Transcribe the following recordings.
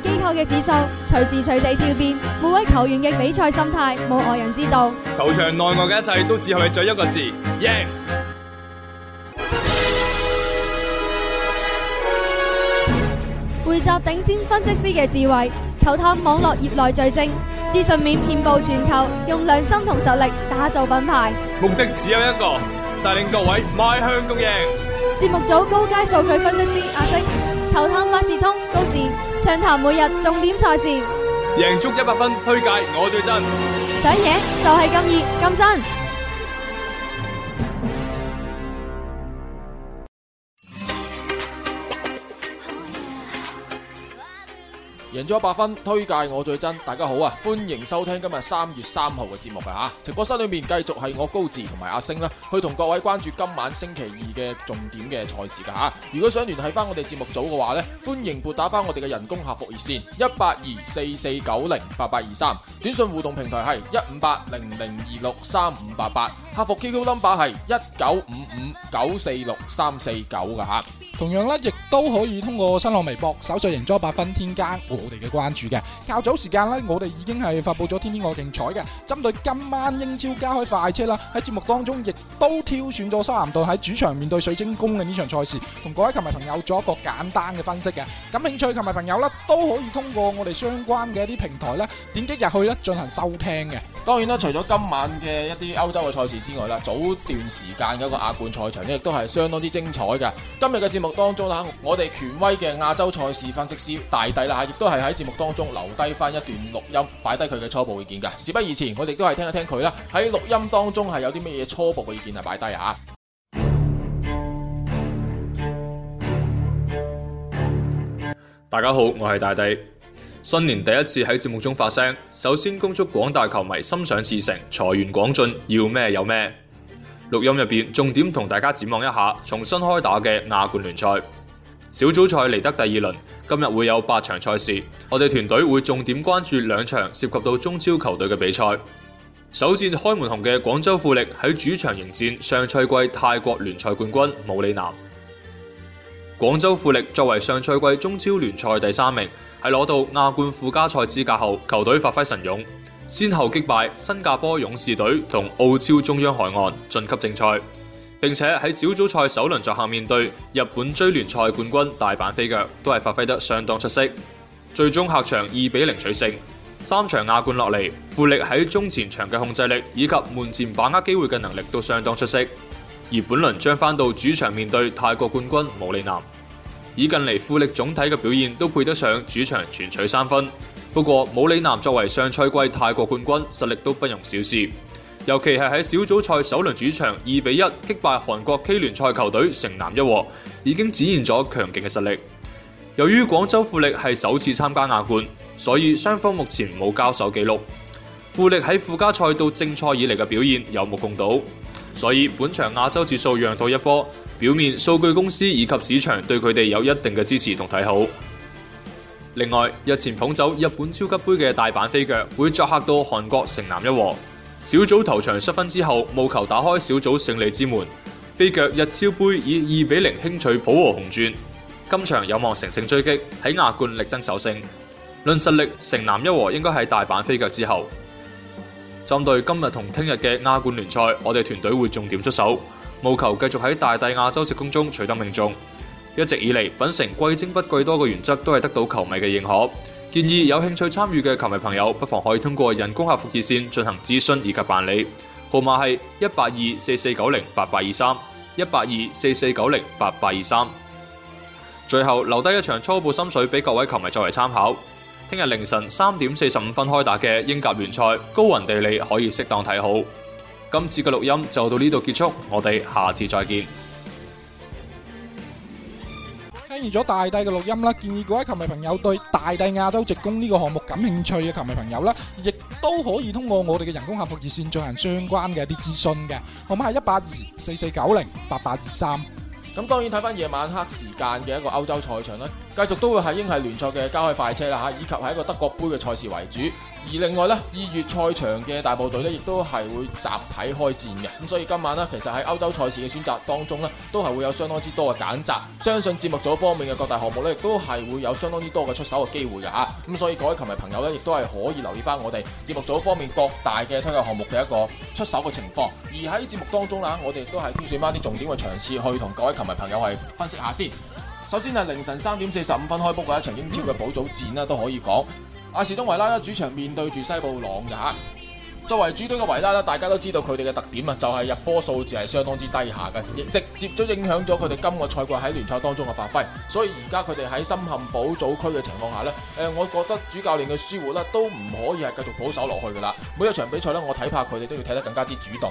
機構嘅指數隨時隨地跳變，每位球員嘅比賽心態冇外人知道。球場內外嘅一切都只係在一個字：贏。匯集頂尖分析師嘅智慧，球探網絡業內最精，資訊面遍布全球，用良心同實力打造品牌。目的只有一個，帶領各位邁向共贏。節目組高階數據分析師阿星。透探百事通，都市暢談每日重點賽事，贏足一百分，推介我最真，想贏就係咁易咁真。咗八分，推介我最真。大家好啊，歡迎收聽今日三月三號嘅節目啊吓。直播室裏面繼續係我高志同埋阿星啦，啊，去同各位關注今晚星期二嘅重點嘅賽事噶，啊、吓。如果想聯繫翻我哋節目組嘅話咧，歡迎撥打翻我哋嘅人工客服熱線一八二四四九零八八二三，短信互動平台係一五八零零二六三五八八。客服 QQnumber 係一九五五九四六三四九噶吓，同樣咧亦都可以通過新浪微博搜索“贏足 100FUN 添加”我哋嘅關注嘅。較早時間咧，我哋已經係發布咗天天愛競彩嘅，針對今晚英超加開快車啦。喺節目當中亦都挑選咗修咸頓喺主場面對水晶宮嘅呢場賽事，同各位球迷朋友做一個簡單嘅分析嘅。感興趣球迷朋友咧，都可以通過我哋相關嘅一啲平台咧，點擊入去咧進行收聽嘅。當然啦，除咗今晚嘅一啲歐洲嘅賽事之外啦，早段時間嘅一個亞冠賽場咧，亦都係相當之精彩㗎。今日嘅節目當中啦，我哋權威嘅亞洲賽事分析師大帝啦，亦都係喺節目當中留低返一段錄音，擺低佢嘅初步意見㗎。事不宜遲，我哋都係聽一聽佢啦。喺錄音當中係有啲咩嘢初步嘅意見啊？擺低啊！大家好，我係大帝。新年第一次喺節目中發聲，首先恭祝廣大球迷心想事成、財源廣進，要咩有咩。錄音入邊重點同大家展望一下，重新開打嘅亞冠聯賽小組賽嚟得第二輪，今日會有八場賽事，我哋團隊會重點關注兩場涉及到中超球隊嘅比賽。首戰開門紅嘅廣州富力喺主場迎戰上賽季泰國聯賽冠軍武里南。廣州富力作為上賽季中超聯賽第三名，喺攞到亞冠附加賽資格後，球隊發揮神勇，先後擊敗新加坡勇士隊同澳超中央海岸晉級正賽，並且喺小組賽首輪作客面對日本追聯賽冠軍大阪飛腳，都係發揮得相當出色。最終客場二比零取勝。三場亞冠落嚟，富力喺中前場嘅控制力以及門前把握機會嘅能力都相當出色。而本輪將返到主場面對泰國冠軍武里南。以近嚟富力總體嘅表現都配得上主場全取三分。不過，武里南作為上賽季泰國冠軍，實力都不容小視。尤其係喺小組賽首輪主場二比一擊敗韓國 K 聯賽球隊城南一和，已經展現咗強勁嘅實力。由於廣州富力係首次參加亞冠，所以雙方目前冇交手記錄。富力喺附加賽到正賽以嚟嘅表現有目共睹。所以本場亞洲指數讓到一波，表面數據公司以及市場對佢哋有一定嘅支持同睇好。另外，日前捧走日本超級杯嘅大阪飛腳會作客到韓國城南一和。小組頭場失分之後，務求打開小組勝利之門。飛腳日超杯以二比零輕取浦和紅鑽，今場有望乘勝追擊，喺亞冠力爭首勝。論實力，城南一和應該喺大阪飛腳之後。針對今日同聽日嘅亞冠聯賽，我哋團隊會重點出手，務求繼續喺大帝亞洲直攻中取得命中。一直以嚟，品成貴精不貴多嘅原則都係得到球迷嘅認可。建議有興趣參與嘅球迷朋友，不妨可以通過人工客服熱線進行諮詢以及辦理，號碼係一八二四四九零八八二三一八二四四九零八八二三。最後留低一場初步心水俾各位球迷作為參考。聽日凌晨三點四十五分開打嘅英甲聯賽，高雲地理可以適當睇好。今次嘅錄音就到呢度結束，我哋下次再見。聽完咗大帝嘅錄音啦，建議各位球迷朋友對大帝亞洲直供呢個項目感興趣嘅球迷朋友啦，亦都可以通過我哋嘅人工客服熱線進行相關嘅一啲諮詢嘅號碼係一八二四四九零八八二三。咁當然睇翻夜晚黑時間嘅一個歐洲賽場啦。繼續都會係英系聯賽嘅加開快車啦吓，以及係一個德國盃嘅賽事為主。而另外呢，二月賽場嘅大部隊呢，亦都係會集體開戰嘅。咁所以今晚呢，其實喺歐洲賽事嘅選擇當中呢，都係會有相當之多嘅揀擇。相信節目組方面嘅各大項目呢，亦都係會有相當之多嘅出手嘅機會嘅吓。咁所以各位球迷朋友呢，亦都係可以留意翻我哋節目組方面各大嘅推介項目嘅一個出手嘅情況。而喺節目當中啦，我哋都係挑選翻啲重點嘅場次去同各位球迷朋友係分析一下先。首先係凌晨三點四十五分開波嘅一場英超嘅保組戰啦、啊，都可以講。阿、啊、士東維拉咧，主場面對住西布朗嘅吓，作為主隊嘅維拉咧，大家都知道佢哋嘅特點啊，就係入波數字係相當之低下嘅，亦直接都影響咗佢哋今個賽季喺聯賽當中嘅發揮。所以而家佢哋喺深陷保組區嘅情況下呢誒，我覺得主教練嘅輸活啦都唔可以係繼續保守落去噶啦。每一場比賽呢我睇怕佢哋都要睇得更加之主動。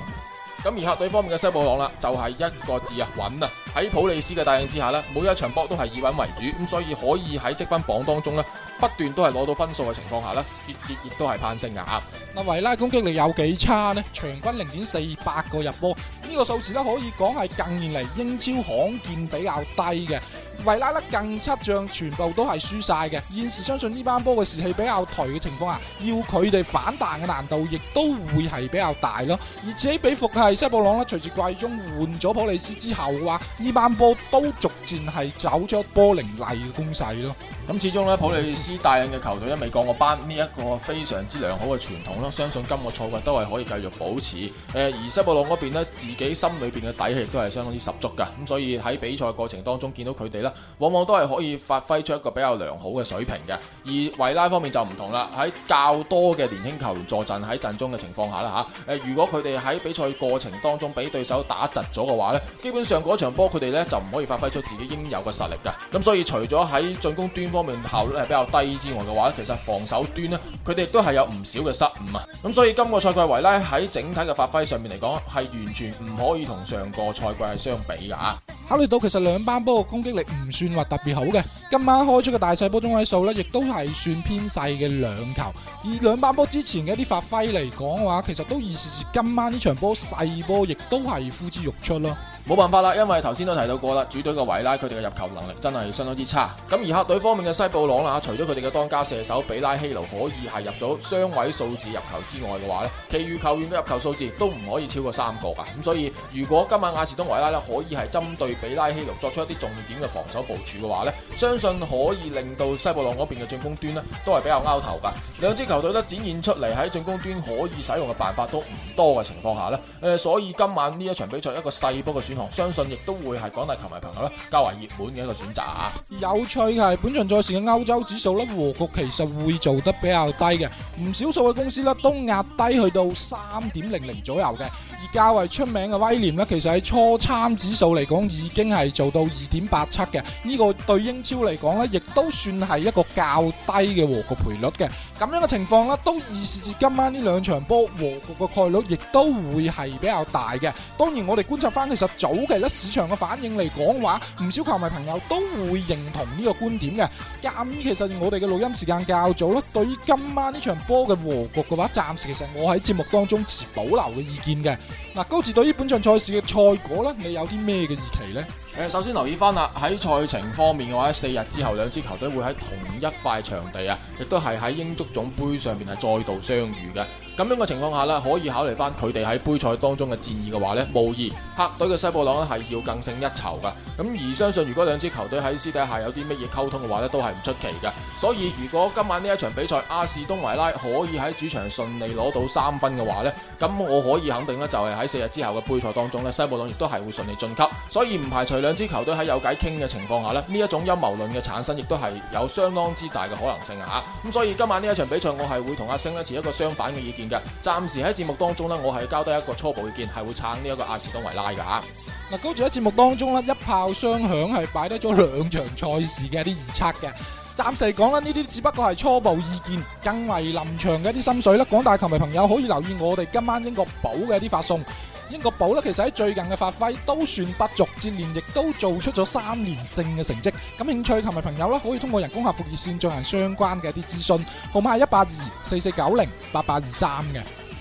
咁而客隊方面嘅西布朗啦，就係一個字啊，穩啊！喺普利斯嘅帶領之下咧，每一場波都係以穩為主，咁所以可以喺積分榜當中咧。不斷都係攞到分數嘅情況下呢，節節亦都係攀升嘅吓。嗱，維拉攻擊力有幾差呢？場均零點四八個入波，呢個數字咧，可以講係近年嚟英超罕見比較低嘅。維拉呢近七仗全部都係輸晒嘅。現時相信呢班波嘅士氣比較頹嘅情況下，要佢哋反彈嘅難度亦都會係比較大咯。而且比服係西布朗啦，隨住季中換咗普利斯之後嘅話，呢班波都逐漸係走咗波凌厲嘅攻勢咯。咁始終呢，普利斯。大型嘅球隊未降過班，呢、這、一個非常之良好嘅傳統咯，相信今個賽季都係可以繼續保持。誒，而西布朗嗰邊呢，自己心裏邊嘅底氣都係相當之十足噶，咁所以喺比賽過程當中見到佢哋呢，往往都係可以發揮出一個比較良好嘅水平嘅。而維拉方面就唔同啦，喺較多嘅年輕球員坐陣喺陣中嘅情況下啦吓，誒，如果佢哋喺比賽過程當中俾對手打窒咗嘅話呢，基本上嗰場波佢哋呢，就唔可以發揮出自己應有嘅實力噶。咁所以除咗喺進攻端方面效率係比較低，之外嘅話，其實防守端呢，佢哋都係有唔少嘅失誤啊。咁所以今個賽季維拉喺整體嘅發揮上面嚟講，係完全唔可以同上個賽季係相比噶考慮到其實兩班波嘅攻擊力唔算話特別好嘅，今晚開出嘅大細波中位數呢，亦都係算偏細嘅兩球。而兩班波之前嘅一啲發揮嚟講嘅話，其實都意思是今晚呢場波細波亦都係呼之欲出咯。冇辦法啦，因為頭先都提到過啦，主隊嘅維拉佢哋嘅入球能力真係相當之差。咁而客隊方面嘅西布朗啦，除咗佢哋嘅當家射手比拉希奴可以係入咗雙位數字入球之外嘅話呢，其餘球員嘅入球數字都唔可以超過三個㗎。咁所以如果今晚亞士東維拉呢可以係針對比拉希奴作出一啲重點嘅防守部署嘅話呢，相信可以令到西布朗嗰邊嘅進攻端呢都係比較拗頭㗎。兩支球隊都展現出嚟喺進攻端可以使用嘅辦法都唔多嘅情況下呢，誒，所以今晚呢一場比賽一個細波嘅選。相信亦都會係廣大球迷朋友咧，較為熱門嘅一個選擇啊！有趣嘅係，本場賽事嘅歐洲指數咧，和局其實會做得比較低嘅，唔少數嘅公司咧，都壓低去到三點零零左右嘅。而較為出名嘅威廉咧，其實喺初參指數嚟講已經係做到二點八七嘅。呢個對英超嚟講咧，亦都算係一個較低嘅和局賠率嘅。咁樣嘅情況咧，都預示住今晚呢兩場波和局嘅概率亦都會係比較大嘅。當然，我哋觀察翻其實。早期啦，市場嘅反應嚟講話，唔少球迷朋友都會認同呢個觀點嘅。咁其實我哋嘅錄音時間較早啦，對於今晚呢場波嘅和局嘅話，暫時其實我喺節目當中持保留嘅意見嘅。嗱，高志對於本場賽事嘅賽果咧，你有啲咩嘅預期呢？誒，首先留意翻啦，喺賽程方面嘅話，我在四日之後兩支球隊會喺同一塊場地啊，亦都係喺英足總杯上面係再度相遇嘅。咁樣嘅情況下咧，可以考慮翻佢哋喺杯賽當中嘅戰意嘅話呢，無疑客隊嘅西布朗咧，係要更勝一籌嘅。咁而相信如果兩支球隊喺私底下有啲乜嘢溝通嘅話呢，都係唔出奇嘅。所以如果今晚呢一場比賽阿士東維拉可以喺主場順利攞到三分嘅話呢，咁我可以肯定呢，就係喺四日之後嘅杯賽當中呢，西布朗亦都係會順利晉級。所以唔排除兩支球隊喺有偈傾嘅情況下呢，呢一種陰謀論嘅產生亦都係有相當之大嘅可能性啊！咁所以今晚呢一場比賽我係會同阿星呢，持一個相反嘅意見。嘅，暫時喺節目當中咧，我係交低一個初步意見，係會撐呢一個阿士東維拉嘅嚇。嗱、啊，高住喺節目當中咧，一炮雙響係擺低咗兩場賽事嘅啲預測嘅，暫時嚟講咧，呢啲只不過係初步意見，更為臨場嘅一啲心水啦。廣大球迷朋友可以留意我哋今晚英國寶嘅一啲發送。英格蘭啦，其實喺最近嘅發揮都算不俗，接連，亦都做出咗三連勝嘅成績。感興趣嘅球迷朋友啦，可以通過人工客服熱線進行相關嘅一啲諮詢，號碼係一八二四四九零八八二三嘅。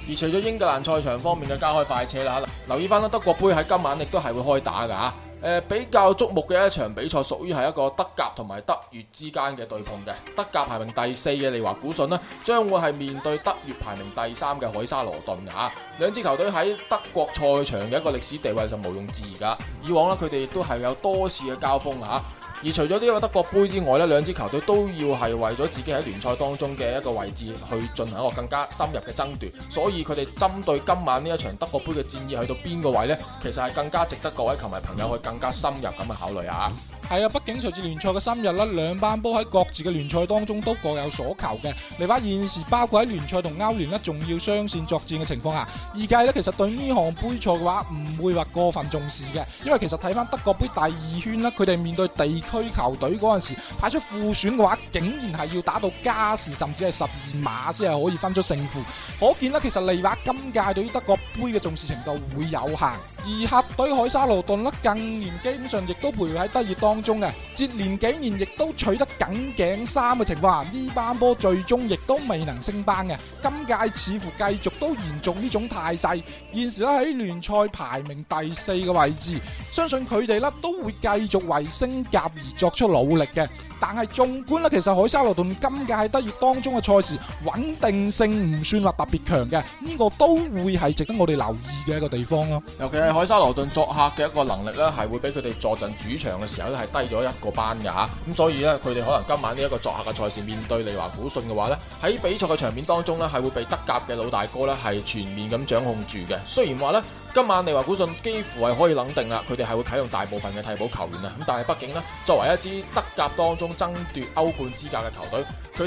而除咗英格蘭賽場方面嘅加開快車啦，留意翻啦，德國盃喺今晚亦都係會開打嘅啊。呃，比較矚目嘅一場比賽，屬於係一個德甲同埋德乙之間嘅對碰嘅。德甲排名第四嘅利華古信咧，將會係面對德乙排名第三嘅凱沙羅頓啊。兩支球隊喺德國賽場嘅一個歷史地位就毋庸置疑噶。以往呢，佢哋亦都係有多次嘅交鋒啊。而除咗呢個德國盃之外咧，兩支球隊都要係為咗自己喺聯賽當中嘅一個位置去進行一個更加深入嘅爭奪，所以佢哋針對今晚呢一場德國盃嘅戰意去到邊個位咧，其實係更加值得各位球迷朋友去更加深入咁去考慮啊。係啊，畢竟隨住聯賽嘅深入，啦，兩班波喺各自嘅聯賽當中都各有所求嘅。利巴現時包括喺聯賽同歐聯呢，仲要雙線作戰嘅情況下，二屆呢，其實對呢項杯賽嘅話唔會話過分重視嘅，因為其實睇翻德國杯第二圈啦，佢哋面對地區球隊嗰陣時派出副選嘅話，竟然係要打到加時甚至係十二碼先係可以分出勝負，可見啦，其實利巴今屆對於德國杯嘅重視程度會有限。而客隊凱沙羅頓咧，近年基本上亦都徘徊喺德乙當中嘅，接連幾年亦都取得僅僅三嘅情況，呢班波最終亦都未能升班嘅。今屆似乎繼續都延續呢種態勢，現時咧喺聯賽排名第四嘅位置，相信佢哋咧都會繼續為升甲而作出努力嘅。但係縱觀咧，其實凱沙羅頓今屆喺德乙當中嘅賽事穩定性唔算話特別強嘅，呢個都會係值得我哋留意嘅一個地方咯。OK。凱沙羅頓作客嘅一個能力咧，係會俾佢哋坐陣主場嘅時候咧，係低咗一個班嘅吓。咁所以咧，佢哋可能今晚呢一個作客嘅賽事面對利華古信嘅話咧，喺比賽嘅場面當中咧，係會被德甲嘅老大哥咧係全面咁掌控住嘅。雖然話咧，今晚利華古信幾乎係可以肯定啦，佢哋係會啟用大部分嘅替補球員啊。咁但係畢竟呢，作為一支德甲當中爭奪歐冠資格嘅球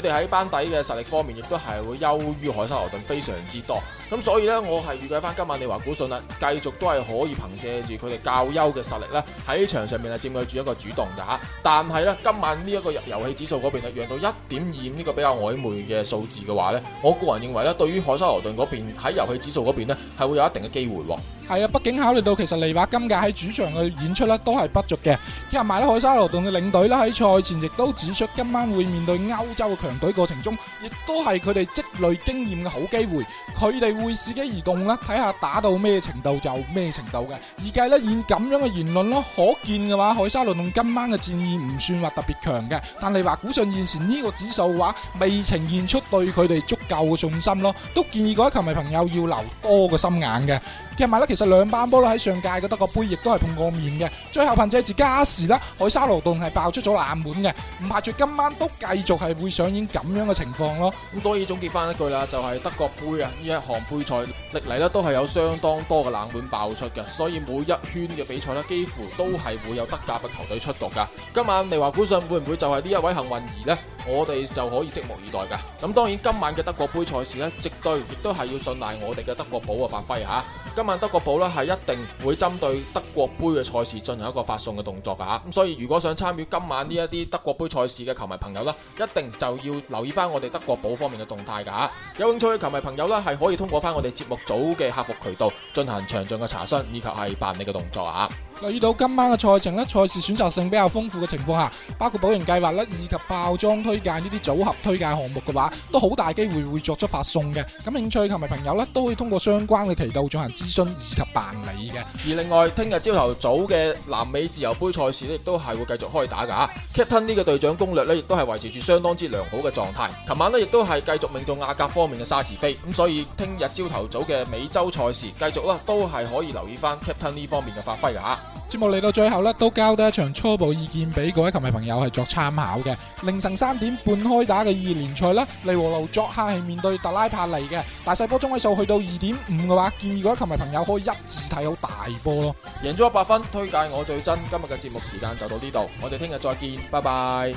隊，佢哋喺班底嘅實力方面亦都係會優於凱沙羅頓非常之多。咁所以呢，我係預計翻今晚利華古遜啦，繼續都係可以憑借住佢哋較優嘅實力呢，喺場上面啊佔據住一個主動嘅吓。但係呢，今晚呢一個遊戲指數嗰邊咧，讓到一點二五呢個比較曖昧嘅數字嘅話呢，我個人認為呢，對於凱沙羅頓嗰邊喺遊戲指數嗰邊咧係會有一定嘅機會喎、哦。係啊，畢竟考慮到其實利華今屆喺主場嘅演出呢，都係不俗嘅，加上埋凱沙羅頓嘅領隊呢，喺賽前亦都指出今晚會面對歐洲嘅強隊的過程中，亦都係佢哋積累經驗嘅好機會。佢哋。會伺機而動啦，睇下打到咩程度就咩程度嘅。而家咧現咁樣嘅言論咯，可見嘅話，海沙輪同今晚嘅戰意唔算話特別強嘅，但係話，估上現時呢個指數嘅話，未呈現出對佢哋足夠嘅信心咯，都建議各位球迷朋友要留多個心眼嘅。其實埋啦，其實兩班波啦喺上屆嘅德國杯亦都係碰過面嘅。最後憑借住加時啦，凱沙羅頓係爆出咗冷門嘅，唔排除今晚都繼續係會上演咁樣嘅情況咯。咁所以總結翻一句啦，就係德國杯啊呢一項杯賽，歷嚟咧都係有相當多嘅冷門爆出嘅。所以每一圈嘅比賽咧，幾乎都係會有德甲嘅球隊出局噶。今晚你話估上會唔會就係呢一位幸運兒呢？我哋就可以拭目以待嘅。咁當然今晚嘅德國杯賽事咧，絕對亦都係要信賴我哋嘅德國寶嘅發揮吓。今晚德國寶咧係一定會針對德國杯嘅賽事進行一個發送嘅動作嘅吓。咁所以如果想參與今晚呢一啲德國杯賽事嘅球迷朋友咧，一定就要留意翻我哋德國寶方面嘅動態嘅吓。有興趣嘅球迷朋友咧，係可以通過翻我哋節目組嘅客服渠道進行詳盡嘅查詢，以及係辦理嘅動作嚇。留意到今晚嘅賽程咧，賽事選擇性比較豐富嘅情況下，包括保贏計劃咧以及爆裝推、推。推介呢啲組合推介項目嘅話，都好大機會會作出發送嘅。咁興趣同埋朋友呢都可以通過相關嘅渠道進行諮詢以及辦理嘅。而另外，聽日朝頭早嘅南美自由杯賽事呢亦都係會繼續開打噶。Captain 呢個隊長攻略呢亦都係維持住相當之良好嘅狀態。琴晚呢亦都係繼續命中亞格方面嘅沙士飛，咁所以聽日朝頭早嘅美洲賽事，繼續呢都係可以留意翻 Captain 呢方面嘅發揮噶。節目嚟到最後呢，都交多一場初步意見俾各位球迷朋友係作參考嘅。凌晨三點半開打嘅二聯賽呢，利和路作客係面對特拉帕尼嘅大細波中位數去到二點五嘅話，建議各位球迷朋友可以一致睇好大波咯。贏足 100FUN，推介我最真。今日嘅節目時間就到呢度，我哋聽日再見，拜拜。